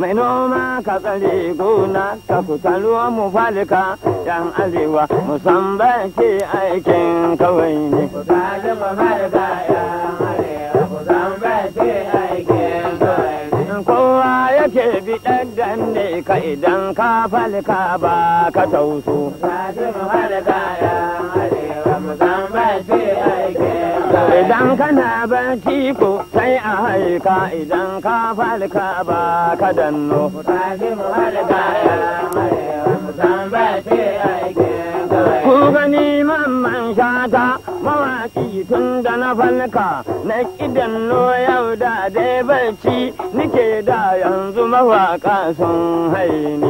mai noma ka tsare ka kusan ruwa mu falika yan arewa musamman ke aikin kawai ne kowa yake biɗan dan ne ka idan ka falika ba ka tausu. Ka ji mu falika ya Idan kana barci ko sai a haika idan ka falka ba ka danno. Ku gani man shata mawaki tun da na falka na kidan yau da dai barci nike da yanzu mawaka sun haini.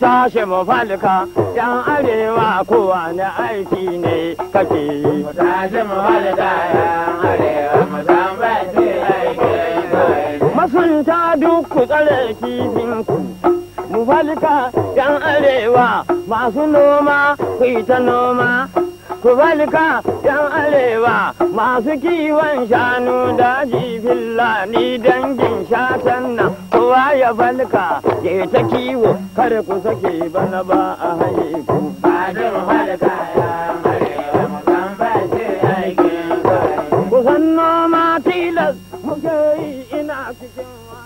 ta shi mu falka yan arewa kowa na aiki ne kake yi ta shi mu falka yan arewa mu ce aiki masunta duk ku tsare kifin ku mu falka yan arewa masu noma ku ta noma ku falka yan arewa masu kiwon shanu daji fillani dangin shatan nan kowa ya falka ya ta kiwo kar ku sake bana ba a haiku. ba bajin halka ya Kusan noma tilas muke yi ina cikin